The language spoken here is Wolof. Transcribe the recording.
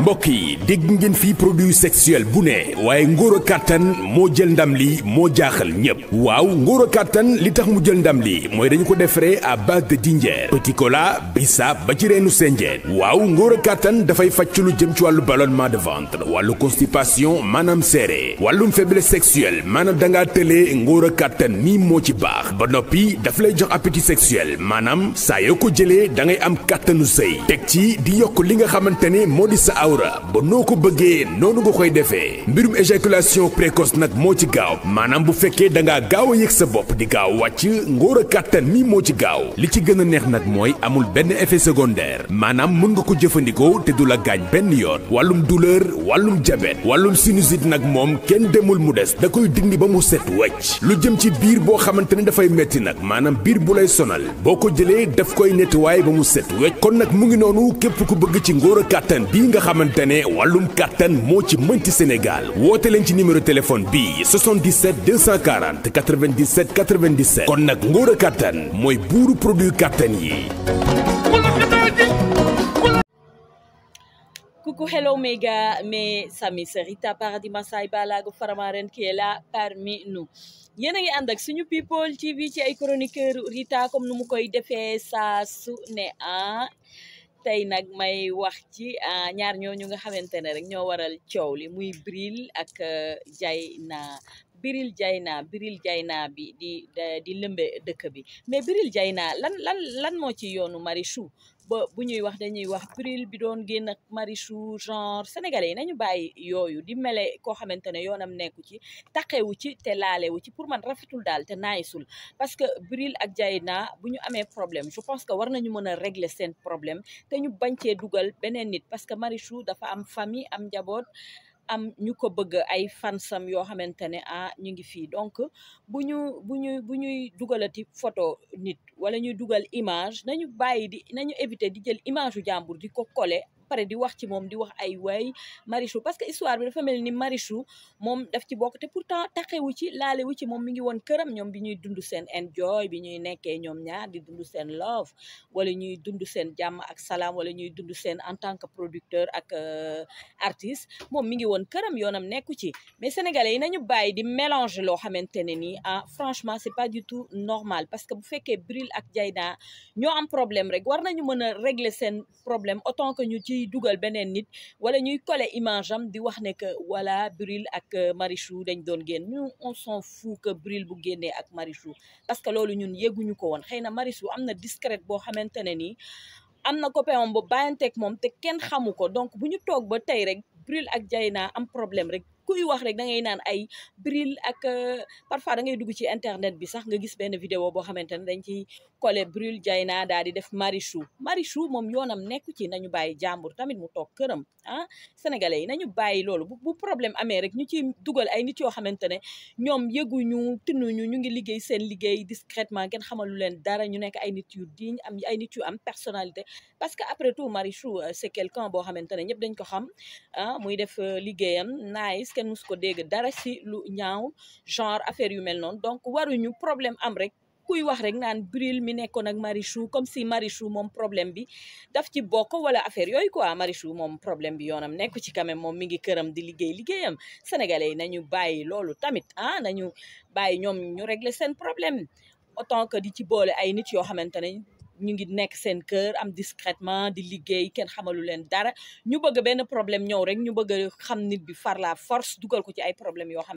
mbokk yi dégg ngeen fii produit sexuel bu ne waaye ngóor kàttan moo jël ndam li moo jaaxal ñépp waaw ngóor kàttan li tax mu jël ndam li mooy dañu ko defaree à base de dinjeer petit cola bisaab ba ci reenu senjeen waaw ngóor kàttan dafay fàcc lu jëm ci wàllu ballonnement de ventre wàllu constipation maanaam seere wàllum faiblesse sexuelle maanaam dangaa tëlee ngóor kàttan nii moo ci baax ba noppi dafa lay jox appétit sexuel maanaam saa yoo ko jëlee da am kàttanu sëy awra ba noo ko bëggee noonu nga koy defee mbirum éjaculation précoce nag moo ci gaaw maanaam bu fekkee da ngaa gaaw a yëg sa bopp di gaaw wàcc ngóor a kàttan mi moo ci gaaw li ci gën a neex nag mooy amul benn effet secondaire maanaam mën nga ko jëfandikoo te du la gaañ benn yoon wallum douleur wàllum diabète wàllum sinusite nag moom kenn demul mu des da koy dindi ba mu set wecc lu jëm ci biir boo xamante ne dafay metti nag maanaam biir bu lay sonal boo ko jëlee daf koy nettoyé ba mu set wecc nag mu ngi noonu képp ci ngóor kàttan xamante ne kàttan moo ci mënti Sénégal woote leen ci numéro téléphone bi 77 240 97 97 kon nag ngóor a kàttan mooy buuru produit kàttan yi. Coucou, hello mes gars, mes amis, Rita Paradis Massay Balago Faramaren qui est parmi nous. yéen ngi ànd ak suñu people TV ci ay chroniqueur Rita comme nu mu koy defee saa ne ah. tey nag may wax ci ñaar ñooñu nga xamante ne rek ñoo waral coow li muy Bril ak Dieyna Biril Jayna Biril Jayna bi di di lëmbe dëkk bi mais Biril Jayna lan lan lan moo ci yoonu Marichou ba bu ñuy wax dañuy wax Biril bi doon génn ak Marichou genre sénégalais yi nañu bàyyi yooyu di mele koo xamante ne yoonam nekku ci taqewu ci te laalewu ci pour man rafetul daal te naayisul parce que Biril ak Jayna bu ñu amee problème je pense que war nañu mën a régler seen problème te ñu bañ cee dugal beneen nit parce que Marichou dafa am famille am njaboot am ñu ko bëgg ay fansam yoo xamante ne ah ñu ngi fii donc bu ñu bu ñu bu ñuy dugalati photo nit wala ñuy dugal image nañu bàyyi di nañu éviter di jël images u jàmbur di ko coller pare di wax ci moom di wax ay waay Marichou parce que histoire bi dafa mel ni Marichou moom daf ci bokk te pourtant taxewu ci laalewu ci moom mi ngi woon këram ñoom bi ñuy dund seen enjoy bi ñuy nekkee ñoom ñaar di dundu seen love wala ñuy dund seen jàmm ak salaam wala ñuy dund seen en tant que producteur ak euh, artiste moom mi ngi woon këram yoonam nekku ci mais sénégalais yi nañu bàyyi di mélange loo xamante ne nii ah franchement c'est pas du tout normal parce que bu fekkee Bril ak Dieyna ñoo am problème rek war nañu mën a régler seen problème ciy dugal beneen nit wala ñuy collé image di wax ne que wala Bril ak euh, Marichou dañ doon génn ñun on s'en fout que Bril bu génnee ak Marichou parce que loolu ñun yegguñu ko woon xëy na Marichou am na discrète boo xamante ne nii am na copain am ba bàyyanteeg moom te kenn xamu ko donc bu ñu toog ba tey rek Bril ak Dieyna am problème rek kuy wax rek da ngay naan ay bril ak euh, parfois da ngay dugg ci internet bi sax nga gis benn vidéo boo xamante ne dañ ciy collé bril Dieyna daal di def Marichou Marichou moom yoonam nekku ci nañu bàyyi jàmbur tamit mu toog këram ah sénégalais yi nañu bàyyi loolu bu problème ame rek ñu ci dugal ay nit yoo xamante ne ñoom yëguñu tinuñu ñu ñu ngi liggéey seen liggéey discrètement kenn xamalu leen dara ñu nekk ay nit yu digne am ay nit yu am personnalité parce que après tout Marichou euh, c'est quelqu'un boo xamante ne ñëpp dañ ko xam ah muy def euh, liggéeyam kenn mus ko dégg dara si lu ñaaw genre affaire yu mel noonu donc waruñu problème am rek kuy wax rek naan Bril mi nekkoon mari Marichou comme si mari Marichou moom problème bi daf ci bokk wala affaire yooyu mari Marichou moom problème bi yoonam nekku ci quand moom mi ngi këram di liggéey liggéeyam sénégalais yi nañu bàyyi loolu tamit ah nañu bàyyi ñoom ñu régler seen problème autant que di ci boole ay nit yoo xamante ne ñu ngi nekk seen kër am discrètement di liggéey kenn xamalu leen dara ñu bëgg benn problème ñëw rek ñu bëgg xam nit bi far la force dugal ko ci ay problème yoo xam